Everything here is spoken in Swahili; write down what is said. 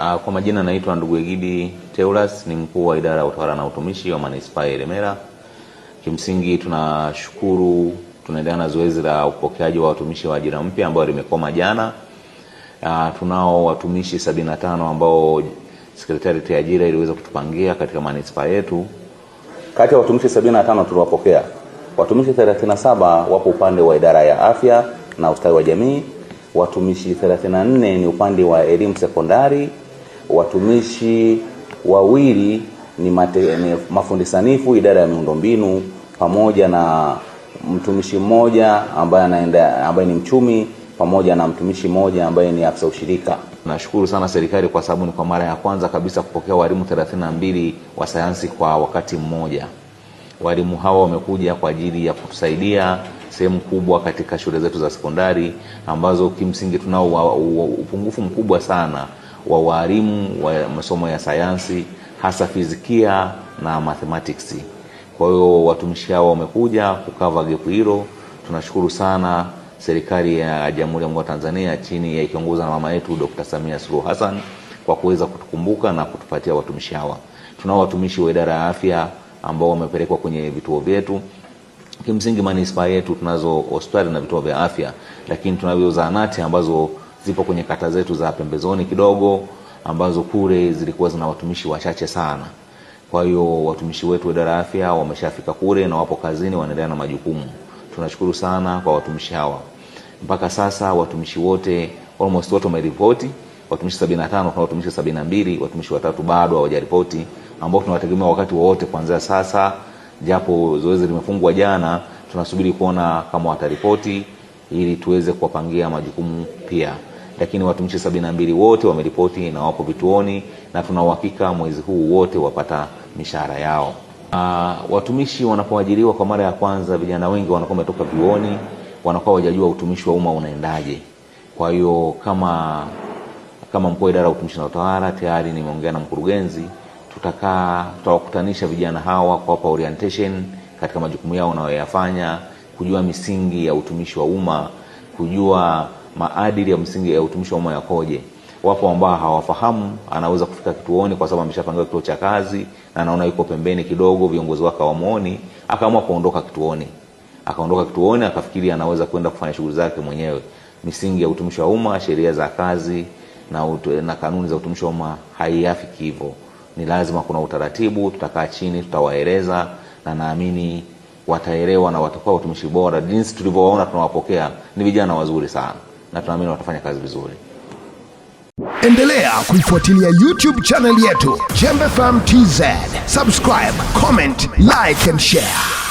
Ah, kwa majina naitwa ndugu Egidi Teulas, ni mkuu wa idara ya utawala na utumishi wa manispaa ya Ilemela. Kimsingi tunashukuru, tunaendelea na zoezi la upokeaji wa watumishi wa ajira mpya ambao limekoma jana. Uh, tunao watumishi 75 ambao sekretarieti ya ajira iliweza kutupangia katika manispaa yetu. Kati ya watumishi 75 tuliwapokea watumishi 37 wapo upande wa idara ya afya na ustawi wa jamii, watumishi 34 ni upande wa elimu sekondari watumishi wawili ni, mate, ni mafundi sanifu idara ya miundombinu pamoja na mtumishi mmoja ambaye anaenda ambaye ni mchumi pamoja na mtumishi mmoja ambaye ni afisa ushirika. Nashukuru sana serikali kwa sababu ni kwa mara ya kwanza kabisa kupokea walimu 32 wa sayansi kwa wakati mmoja. Walimu hawa wamekuja kwa ajili ya kutusaidia sehemu kubwa katika shule zetu za sekondari ambazo kimsingi tunao upungufu mkubwa sana wa waalimu wa masomo ya sayansi hasa fizikia na mathematics. Kwa hiyo watumishi hao wamekuja kukava gepu hilo. Tunashukuru sana serikali ya Jamhuri ya Muungano wa Tanzania chini ya ikiongozwa na mama yetu Dr. Samia Suluhu Hassan kwa kuweza kutukumbuka na kutupatia watumishi hawa. Tunao watumishi wa idara ya afya ambao wamepelekwa kwenye vituo vyetu. Kimsingi manispaa yetu tunazo hospitali na vituo vya afya, lakini tunavyo zahanati ambazo zipo kwenye kata zetu za pembezoni kidogo ambazo kule zilikuwa zina watumishi wachache sana. Kwa hiyo watumishi wetu wa idara ya afya wameshafika kule na wapo kazini, wanaendelea na majukumu. Tunashukuru sana kwa watumishi hawa. Mpaka sasa watumishi wote almost wote wameripoti, watumishi 75 kuna watumishi 72, watumishi watatu bado hawajaripoti, ambao tunawategemea wakati wowote kuanzia sasa, japo zoezi limefungwa jana, tunasubiri kuona kama wataripoti ili tuweze kuwapangia majukumu pia. Lakini watumishi sabini na mbili wote wameripoti na wapo vituoni na tuna uhakika mwezi huu wote wapata mishahara yao. Uh, watumishi wanapoajiriwa kwa mara ya kwanza, vijana wengi wanakuwa wametoka vyuoni, wanakuwa wajajua utumishi wa umma unaendaje. Kwa hiyo kama kama mkuu wa idara ya utumishi na utawala tayari nimeongea na mkurugenzi, tutakaa tutawakutanisha vijana hawa kwa orientation katika majukumu yao wanayoyafanya kujua misingi ya utumishi wa umma, kujua maadili ya msingi ya utumishi wa umma yakoje. Wapo ambao hawafahamu, anaweza kufika kituoni kwa sababu ameshapangiwa kituo cha kazi na anaona yuko pembeni kidogo, viongozi wake hawamuoni, akaamua kuondoka kituoni. Akaondoka kituoni, akafikiri anaweza kwenda kufanya shughuli zake mwenyewe. Misingi ya utumishi wa umma, sheria za kazi na, utu, na kanuni za utumishi wa umma haiafiki hivyo. Ni lazima kuna utaratibu, tutakaa chini, tutawaeleza na naamini wataelewa na watakuwa watumishi bora. Jinsi tulivyowaona tunawapokea, ni vijana wazuri sana, na tunaamini watafanya kazi vizuri. Endelea kuifuatilia YouTube channel yetu Jembe FM TZ. Subscribe, comment, like and share.